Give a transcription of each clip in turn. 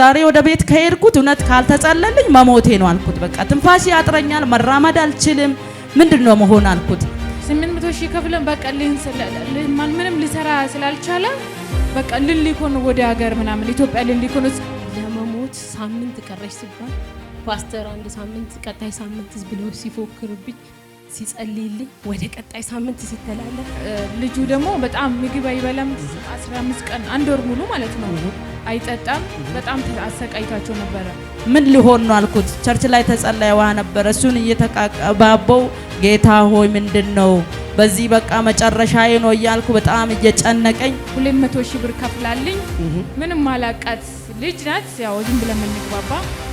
ዛሬ ወደ ቤት ከሄድኩት እውነት ካልተጸለልኝ መሞቴ ነው አልኩት። በቃ ትንፋሽ ያጥረኛል፣ መራመድ አልችልም። ምንድን ነው መሆን አልኩት። ስምንት መቶ ሺህ ከፍለን በቃ ምንም ሊሰራ ስላልቻለ በቃ ልልኮን ወደ ሀገር ምናምን ኢትዮጵያ ልልኮን ለመሞት ሳምንት ቀረሽ ሲባል ፓስተር አንድ ሳምንት ቀጣይ ሳምንት ብሎ ሲፎክርብኝ ሲጸልይልኝ ወደ ቀጣይ ሳምንት ሲተላለፍ ልጁ ደግሞ በጣም ምግብ አይበላም 15 ቀን አንድ ወር ሙሉ ማለት ነው አይጠጣም። በጣም አሰቃይታቸው ነበረ። ምን ሊሆን ነው አልኩት። ቸርች ላይ ተጸለየ ውሃ ነበረ። እሱን እየተቃቀባበው ጌታ ሆይ ምንድን ነው በዚህ በቃ መጨረሻዬ ነው እያልኩ በጣም እየጨነቀኝ፣ ሁለት መቶ ሺህ ብር ከፍላልኝ ምንም አላቃት ልጅ ናት። ያው ዝም ብለን የምንግባባ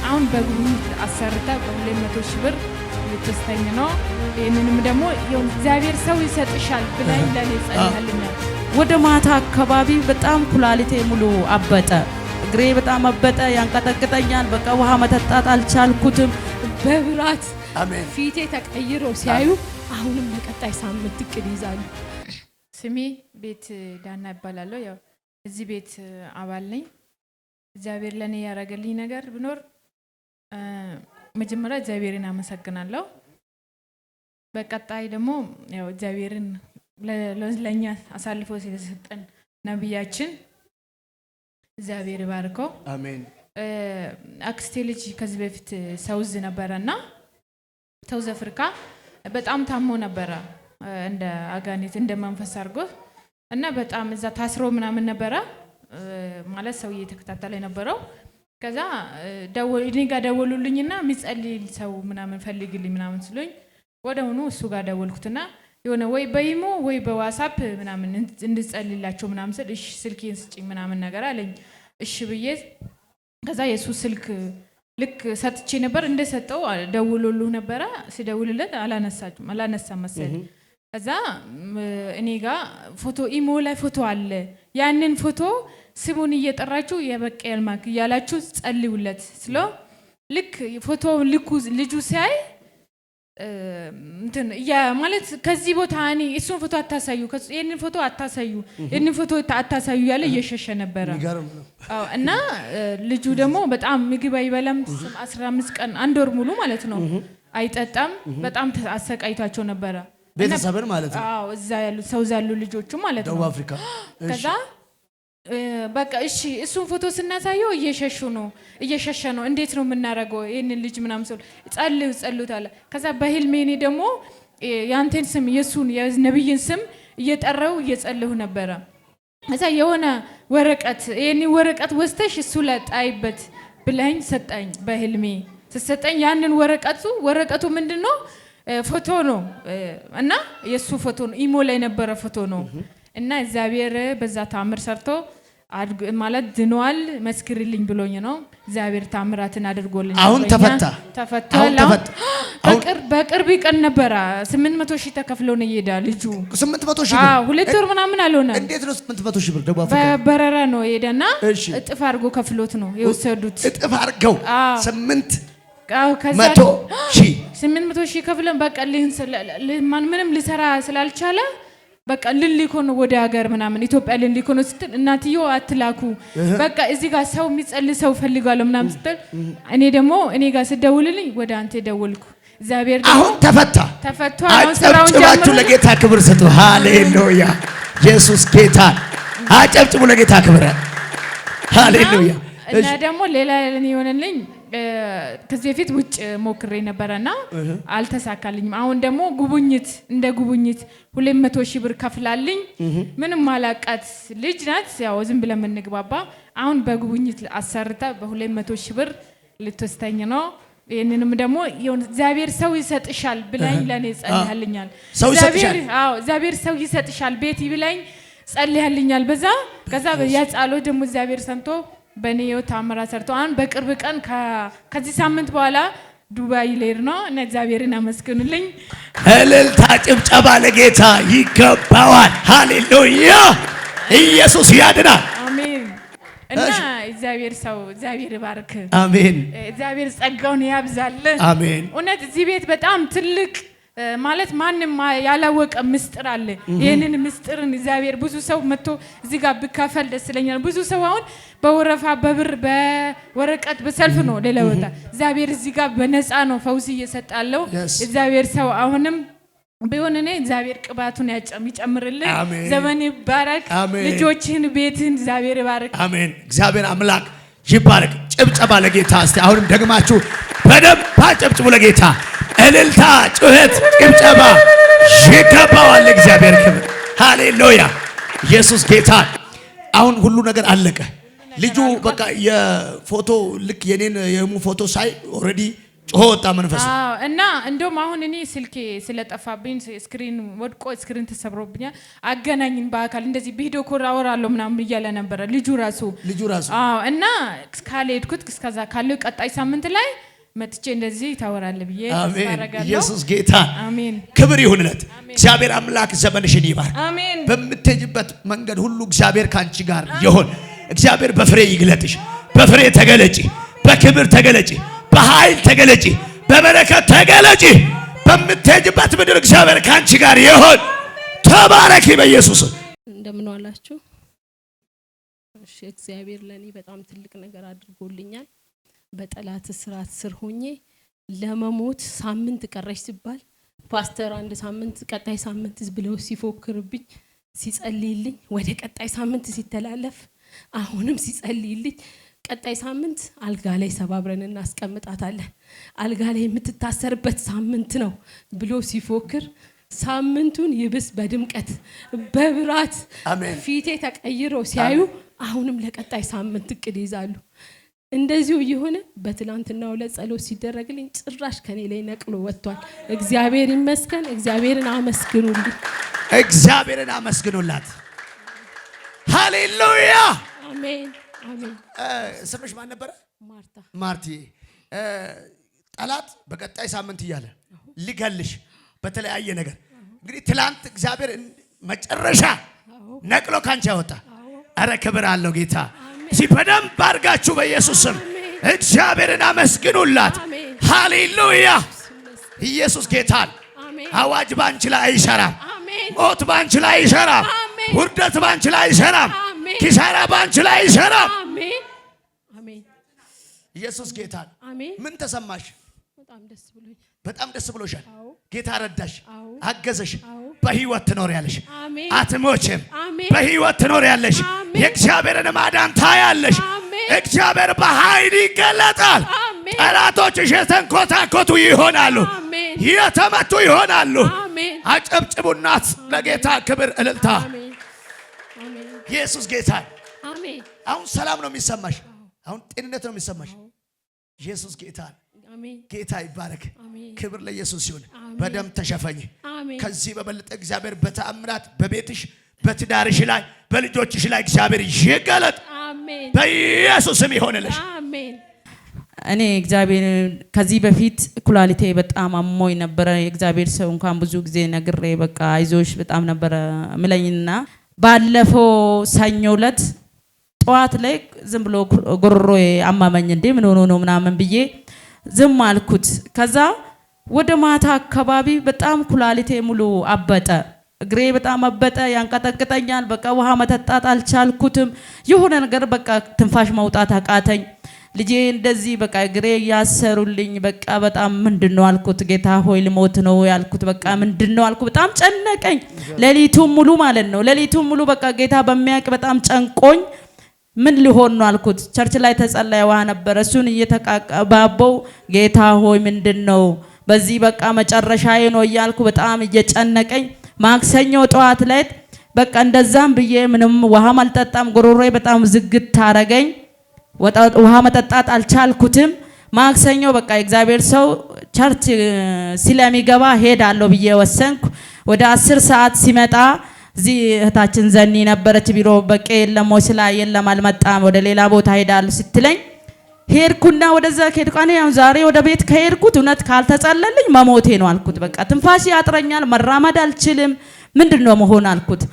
አሁን በጉብኝት አሰርታ በሁለት መቶ ሺህ ብር ልትስተኝ ነው። ይህንንም ደግሞ እግዚአብሔር ሰው ይሰጥሻል ብላኝ ለኔ ጸልያልኛል። ወደ ማታ አካባቢ በጣም ኩላሊቴ ሙሉ አበጠ። እግሬ በጣም አበጠ፣ ያንቀጠቅጠኛል። በቃ ውሃ መጠጣት አልቻልኩትም። በብራት ፊቴ ተቀይሮ ሲያዩ አሁንም ለቀጣይ ሳምንት እቅድ ይዛሉ። ስሜ ቤት ዳና ይባላለሁ። ያው እዚህ ቤት አባል ነኝ። እግዚአብሔር ለእኔ ያደረገልኝ ነገር ብኖር መጀመሪያ እግዚአብሔርን አመሰግናለሁ። በቀጣይ ደግሞ ያው እግዚአብሔርን ለእኛ አሳልፎ የተሰጠን ነብያችን እግዚአብሔር ባርከው። አሜን። አክስቴ ልጅ ከዚህ በፊት ሰውዝ ነበረ እና ሰውዝ አፍሪካ በጣም ታሞ ነበረ እንደ አጋኔት እንደ መንፈስ አድርጎ እና በጣም እዛ ታስሮ ምናምን ነበረ ማለት ሰውዬ እየተከታተለ የነበረው ከዛ እኔ ጋር ደወሉልኝና የሚጸልይ ሰው ምናምን ፈልግልኝ ምናምን ስሉኝ ወደውኑ እሱ ጋር ደወልኩትና የሆነ ወይ በኢሞ ወይ በዋሳፕ ምናምን እንድጸልላቸው ምናምን ስል እሺ ስልኬን ስጭኝ ምናምን ነገር አለኝ። እሺ ብዬ ከዛ የእሱ ስልክ ልክ ሰጥቼ ነበር እንደሰጠው ደውሎልሁ ነበረ። ሲደውልለት አላነሳም አላነሳ መሰል። ከዛ እኔ ጋ ፎቶ ኢሞ ላይ ፎቶ አለ። ያንን ፎቶ ስሙን እየጠራችሁ የበቀ ያልማክ እያላችሁ ጸልዩለት ስለው ልክ ፎቶውን ልኩ ልጁ ሲያይ ማለት ከዚህ ቦታ እኔ እሱን ፎቶ አታሳዩ፣ ይህንን ፎቶ አታሳዩ፣ ይህንን ፎቶ አታሳዩ ያለ እየሸሸ ነበረ እና ልጁ ደግሞ በጣም ምግብ አይበላም። አስራ አምስት ቀን አንድ ወር ሙሉ ማለት ነው አይጠጣም። በጣም አሰቃይቷቸው ነበረ ቤተሰብን ማለት ነው እዛ ያሉ ሰው ያሉ ልጆቹ ማለት ነው ደቡብ አፍሪካ ከዛ በቃ እሺ፣ እሱን ፎቶ ስናሳየው እየሸሹ ነው እየሸሸ ነው። እንዴት ነው የምናደርገው ይህንን ልጅ ምናምን ሰው ጸልዩ ጸልዩት አለ። ከዛ በህልሜ እኔ ደግሞ የአንተን ስም የእሱን የነብይን ስም እየጠራው እየጸልሁ ነበረ። ከዛ የሆነ ወረቀት ይህን ወረቀት ወስተሽ እሱ ለጣይበት ጣይበት ብላኝ ሰጣኝ። በህልሜ ስሰጠኝ ያንን ወረቀቱ ወረቀቱ ምንድን ነው ፎቶ ነው እና የእሱ ፎቶ ነው። ኢሞ ላይ ነበረ ፎቶ ነው እና እግዚአብሔር በዛ ታምር ሰርቶ ማለት ድኗል። መስክርልኝ ብሎኝ ነው እግዚአብሔር ታምራትን አድርጎልኝ። አሁን ተፈታ ተፈቷል። በቅርብ ቀን ነበረ ስምንት መቶ ሺህ ተከፍሎ ነው ይሄዳ ልጁ። ስምንት መቶ ሺህ ብር ሁለት ወር ምናምን አልሆነ። እንዴት ነው ስምንት መቶ ሺህ ብር? ደቡብ አፍሪካ በበረራ ነው የሄደና እጥፍ አድርጎ ከፍሎት ነው የወሰዱት። እጥፍ አድርገው ስምንት መቶ ሺህ ስምንት መቶ ሺህ ከፍለን በቃ ምንም ልሰራ ስላልቻለ በቃ ልልኮ ነው ወደ ሀገር ምናምን ኢትዮጵያ ልልኮ ነው ስትል እናትዮ አትላኩ፣ በቃ እዚህ ጋር ሰው የሚጸልይ ሰው ፈልጋለሁ ምናምን ስትል፣ እኔ ደግሞ እኔ ጋር ስደውልልኝ ወደ አንተ ደወልኩ። እግዚአብሔር አሁን ተፈታ ተፈቷ። አጨብጭባችሁ ለጌታ ክብር ስጡ። ሃሌሉያ! ኢየሱስ ጌታ። አጨብጭቡ ለጌታ ክብር። ሃሌሉያ! እና ደግሞ ሌላ የሆነልኝ ከዚህ በፊት ውጭ ሞክሬ ነበረና አልተሳካልኝም። አሁን ደግሞ ጉብኝት እንደ ጉብኝት ሁለት መቶ ሺህ ብር ከፍላልኝ ምንም ማላቃት ልጅ ናት። ያው ዝም ብለን የምንግባባ አሁን በጉቡኝት አሰርታ በሁለት መቶ ሺህ ብር ልትወስተኝ ነው። ይህንንም ደግሞ እግዚአብሔር ሰው ይሰጥሻል ብላኝ ለእኔ ጸልያልኛል። እግዚአብሔር ሰው ይሰጥሻል ቤቲ ብላኝ ጸልያልኛል። በዛ ከዛ ያ ጸሎት ደግሞ እግዚአብሔር ሰምቶ በእኔ ህይወት ታምራት ሰርቶ አሁን በቅርብ ቀን ከዚህ ሳምንት በኋላ ዱባይ ልሄድ ነው እና እግዚአብሔርን አመስግኑልኝ። እልልታ ጭብጨባ ለጌታ ይገባዋል። ሃሌሉያ! ኢየሱስ ያድናል። አሜን። እና እግዚአብሔር ሰው እግዚአብሔር ይባርክ። አሜን። እግዚአብሔር ጸጋውን ያብዛል። አሜን። እውነት እዚህ ቤት በጣም ትልቅ ማለት ማንም ያላወቀ ምስጢር አለ። ይህንን ምስጢርን እግዚአብሔር ብዙ ሰው መጥቶ እዚህ ጋር ብካፈል ደስ ይለኛል። ብዙ ሰው አሁን በወረፋ በብር በወረቀት በሰልፍ ነው ሌላ ቦታ። እግዚአብሔር እዚህ ጋር በነፃ ነው ፈውስ እየሰጣለው። እግዚአብሔር ሰው አሁንም ቢሆን እኔ እግዚአብሔር ቅባቱን ይጨምርልን። ዘመን ይባረክ። ልጆችህን፣ ቤትህን እግዚአብሔር ይባርክ። አሜን። እግዚአብሔር አምላክ ይባረክ። ጭብጨባ ለጌታ እስቲ አሁንም ደግማችሁ በደንብ ባጨብጭቡ ለጌታ እልልታ፣ ጩኸት፣ ጭብጨባ ይገባዋል። እግዚአብሔር ክብር ሃሌሉያ። ኢየሱስ ጌታ። አሁን ሁሉ ነገር አለቀ። ልጁ በቃ የፎቶ ልክ የኔን የሙ ፎቶ ሳይ ኦልሬዲ ጮሆ ወጣ መንፈሱ። እና እንደውም አሁን እኔ ስልኬ ስለጠፋብኝ ስክሪን ወድቆ ስክሪን ተሰብሮብኛል። አገናኝን በአካል እንደዚህ ቪዲዮ ኮል አወራለሁ ምናምን እያለ ነበረ ልጁ ራሱ ልጁ ራሱ እና ካልሄድኩት እስከዛ ካለው ቀጣይ ሳምንት ላይ መጥቼ እንደዚህ ታወራለ ብዬ አሜን። ኢየሱስ ጌታ አሜን። ክብር ይሁንለት። እግዚአብሔር አምላክ ዘመንሽን ይባርክ። በምትሄጂበት መንገድ ሁሉ እግዚአብሔር ከአንቺ ጋር ይሁን። እግዚአብሔር በፍሬ ይግለጥሽ። በፍሬ ተገለጪ፣ በክብር ተገለጪ፣ በኃይል ተገለጪ፣ በበረከት ተገለጪ። በምትሄጅበት ምድር እግዚአብሔር ከአንቺ ጋር ይሆን። ተባረኪ በኢየሱስ። እንደምን ዋላችሁ? እሺ፣ እግዚአብሔር ለእኔ በጣም ትልቅ ነገር አድርጎልኛል። በጠላት ስራት ስር ሆኜ ለመሞት ሳምንት ቀረሽ ሲባል ፓስተር አንድ ሳምንት ቀጣይ ሳምንት ብለው ሲፎክርብኝ ሲጸልይልኝ ወደ ቀጣይ ሳምንት ሲተላለፍ አሁንም ሲጸልይልኝ ቀጣይ ሳምንት አልጋ ላይ ሰባብረን እናስቀምጣታለን፣ አልጋ ላይ የምትታሰርበት ሳምንት ነው ብሎ ሲፎክር ሳምንቱን ይብስ በድምቀት በብራት ፊቴ ተቀይሮ ሲያዩ አሁንም ለቀጣይ ሳምንት እቅድ ይዛሉ። እንደዚሁ እየሆነ በትላንትና ሁለት ሲደረግልኝ ጭራሽ ከኔ ላይ ነቅሎ ወጥቷል። እግዚአብሔር ይመስገን። እግዚአብሔርን አመስግኑልኝ። እግዚአብሔርን አመስግኑላት። ሃሌሉያ። ስምሽ ማን ነበረ? ማርቲ። ጠላት በቀጣይ ሳምንት እያለ ሊገልሽ በተለያየ ነገር እንግዲህ ትላንት እግዚአብሔር መጨረሻ ነቅሎ ካንቺ ያወጣ። አረ ክብር አለው ጌታ። እዚህ በደንብ አድርጋችሁ በኢየሱስ ስም እግዚአብሔርን አመስግኑላት። ሃሌሉያ። ኢየሱስ ጌታን። አዋጅ ባንቺ ላይ አይሰራም። ሞት ባንቺ ላይ አይሰራም። ውርደት ባንች ላይ አይሰራም። ኪሳራ ባንች ላይ አይሰራም። ኢየሱስ ጌታ። ምን ተሰማሽ? በጣም ደስ ብሎሻል። ጌታ ረዳሽ፣ አገዘሽ። በህይወት ትኖሪያለሽ፣ አትሞችም። በህይወት ትኖሪያለሽ፣ የእግዚአብሔርን ማዳን ታያለሽ። እግዚአብሔር በኃይል ይገለጣል። ጠላቶችሽ የተንኮታኮቱ ይሆናሉ፣ የተመቱ ይሆናሉ። አጨብጭቡናት ለጌታ ክብር እልልታ ኢየሱስ ጌታ። አሁን ሰላም ነው የሚሰማሽ። አሁን ጤንነት ነው የሚሰማሽ። ኢየሱስ ጌታ ጌታ ይባረክ። ክብር ለኢየሱስ ይሁን። በደም ተሸፈኝ። ከዚህ በበለጠ እግዚአብሔር በተአምራት በቤትሽ በትዳርሽ ላይ በልጆችሽ ላይ እግዚአብሔር ይገለጥ። በኢየሱስም ይሆንልሽ። እኔ እግዚአብሔር ከዚህ በፊት ኩላሊቴ በጣም አሞኝ ነበረ። የእግዚአብሔር ሰው እንኳን ብዙ ጊዜ ነግሬ በቃ አይዞሽ በጣም ነበረ ምለኝና ባለፈው ሰኞ ዕለት ጠዋት ላይ ዝም ብሎ ጉሮሮ አማመኝ፣ እንዴ ምን ሆኖ ነው ምናምን ብዬ ዝም አልኩት። ከዛ ወደ ማታ አካባቢ በጣም ኩላሊቴ ሙሉ አበጠ፣ እግሬ በጣም አበጠ፣ ያንቀጠቅጠኛል። በቃ ውሃ መጠጣት አልቻልኩትም። የሆነ ነገር በቃ ትንፋሽ መውጣት አቃተኝ። ልጄ እንደዚህ በቃ እግሬ ያሰሩልኝ በቃ በጣም ምንድን ነው አልኩት። ጌታ ሆይ ልሞት ነው ያልኩት። በቃ ምንድን ነው አልኩ። በጣም ጨነቀኝ። ሌሊቱን ሙሉ ማለት ነው። ሌሊቱን ሙሉ በቃ ጌታ በሚያውቅ በጣም ጨንቆኝ ምን ሊሆን ነው አልኩት። ቸርች ላይ ተጸላ የዋህ ነበረ። እሱን እየተቃቀባበው ጌታ ሆይ ምንድን ነው በዚህ በቃ መጨረሻዬ ነው እያልኩ በጣም እየጨነቀኝ ማክሰኞ ጠዋት ላይ በቃ እንደዛም ብዬ ምንም ውሃም አልጠጣም። ጎሮሮዬ በጣም ዝግት ታረገኝ። ውሃ መጠጣት አልቻልኩትም። ማክሰኞ በቃ የእግዚአብሔር ሰው ቸርች ስለሚገባ ሄዳለሁ ብዬ ወሰንኩ። ወደ አስር ሰዓት ሲመጣ እዚህ እህታችን ዘኒ ነበረች ቢሮ በቄ የለም ወስላ የለም አልመጣም፣ ወደ ሌላ ቦታ ሄዳለሁ ስትለኝ ሄድኩና ወደዛ ከሄድኩ እኔ ዛሬ ወደ ቤት ከሄድኩት እውነት ካልተጸለልኝ መሞቴ ነው አልኩት። በቃ ትንፋሽ ያጥረኛል፣ መራመድ አልችልም፣ ምንድን ነው መሆን አልኩት።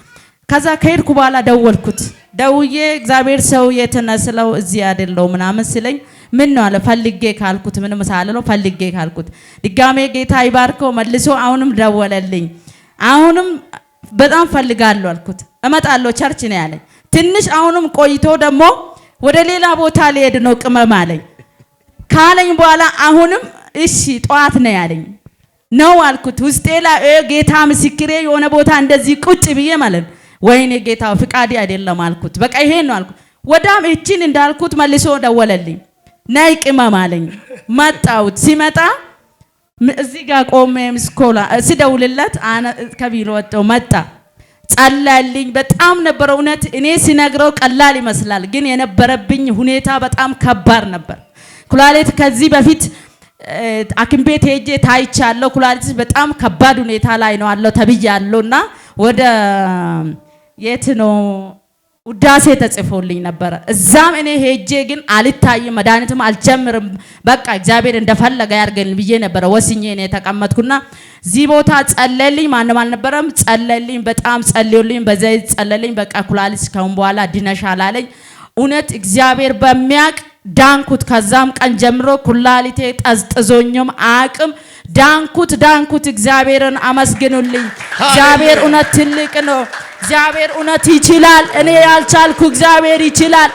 ከዛ ከሄድኩ በኋላ ደወልኩት ደውዬ እግዚአብሔር ሰው የት ነህ ስለው እዚህ አይደለው ምናምን ሲለኝ ምን ነው አለ ፈልጌ ካልኩት ምንም ሳልለው ፈልጌ ካልኩት ድጋሜ ጌታ ይባርከው መልሶ አሁንም ደወለልኝ። አሁንም በጣም ፈልጋለሁ አልኩት። እመጣለሁ ቸርች ነው ያለኝ። ትንሽ አሁንም ቆይቶ ደግሞ ወደ ሌላ ቦታ ሊሄድ ነው ቅመም አለኝ። ካለኝ በኋላ አሁንም እሺ ጠዋት ነው ያለኝ። ነው አልኩት። ውስጤ ላይ ጌታ ምስክሬ የሆነ ቦታ እንደዚህ ቁጭ ብዬ ማለት ነው ወይኔ ጌታ ፍቃድ አይደለም አልኩት። በቃ ይሄን ነው አልኩት። ወዳም እቺን እንዳልኩት መልሶ ደወለልኝ። ናይ ቅመም አለኝ። መጣሁት። ሲመጣ እዚህ ጋር ቆሜ ምስኮላ ሲደውልለት ከቢሮ ወጣው መጣ ጸላልኝ። በጣም ነበረ እውነት። እኔ ሲነግረው ቀላል ይመስላል፣ ግን የነበረብኝ ሁኔታ በጣም ከባድ ነበር። ኩላሊት ከዚህ በፊት ሐኪም ቤት ሄጄ ታይቻለሁ። ኩላሊት በጣም ከባድ ሁኔታ ላይ ነው አለው ተብያለሁ እና ወደ የት ነው ውዳሴ ተጽፎልኝ ነበረ። እዛም እኔ ሄጄ ግን አልታይም፣ መድኃኒትም አልጀምርም፣ በቃ እግዚአብሔር እንደፈለገ ያድርገን ብዬ ነበረ ወስኜ እኔ የተቀመጥኩና እዚህ ቦታ ጸለልኝ። ማንም አልነበረም። ጸለልኝ፣ በጣም ጸልዩልኝ፣ በዘይት ጸለልኝ። በቃ ኩላሊት ከሁን በኋላ ድነሻል አለኝ። እውነት እግዚአብሔር በሚያቅ ዳንኩት። ከዛም ቀን ጀምሮ ኩላሊቴ ጠዝጥዞኝም አቅም ዳንኩት፣ ዳንኩት። እግዚአብሔርን አመስግኑልኝ። እግዚአብሔር እውነት ትልቅ ነው። እግዚአብሔር እውነት ይችላል። እኔ ያልቻልኩ እግዚአብሔር ይችላል።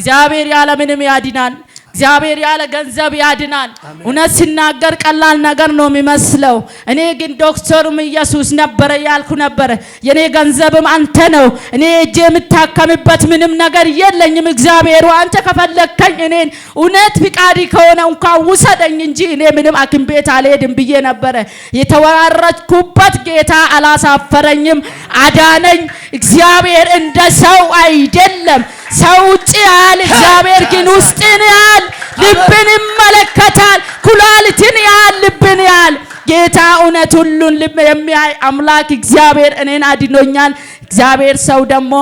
እግዚአብሔር ያለምንም ያድናል። እግዚአብሔር ያለ ገንዘብ ያድናል። እውነት ሲናገር ቀላል ነገር ነው የሚመስለው። እኔ ግን ዶክተሩም ኢየሱስ ነበረ ያልኩ ነበረ። የኔ ገንዘብም አንተ ነው። እኔ እጄ የምታከምበት ምንም ነገር የለኝም። እግዚአብሔሩ አንተ ከፈለግከኝ እኔን እውነት ፍቃድ ከሆነ እንኳን ውሰደኝ እንጂ እኔ ምንም አክም ቤት አልሄድም ብዬ ነበረ። የተወራረድኩበት ጌታ አላሳፈረኝም፣ አዳነኝ። እግዚአብሔር እንደ ሰው አይደለም። ሰው ውጭ ያል እግዚአብሔር ግን ውስጥን ያል ልብን ይመለከታል። ኩላልትን ያል ልብን ያል ጌታ እውነት ሁሉን ልብ የሚያይ አምላክ እግዚአብሔር እኔን አድኖኛል። እግዚአብሔር ሰው ደግሞ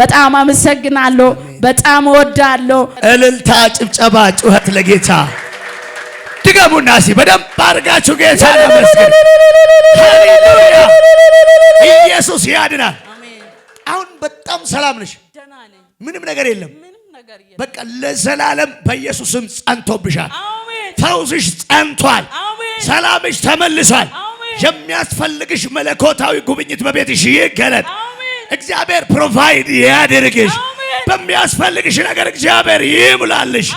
በጣም አመሰግናለሁ፣ በጣም እወዳለሁ። እልልታ፣ ጭብጨባ፣ ጩኸት ለጌታ ድገሙና ሲ በደንብ አድርጋችሁ ጌታ ለመስገን ኢየሱስ ያድናል። አሁን በጣም ሰላም ነሽ። ምንም ነገር የለም። በቃ ለዘላለም በኢየሱስም ጸንቶብሻል። ፈውስሽ ጸንቷል። ሰላምሽ ተመልሷል። የሚያስፈልግሽ መለኮታዊ ጉብኝት በቤትሽ ይገለጥ። እግዚአብሔር ፕሮቫይድ ያድርግሽ። በሚያስፈልግሽ ነገር እግዚአብሔር ይሙላልሽ።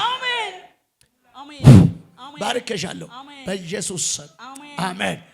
ባርከሻለሁ በኢየሱስ ስም አሜን።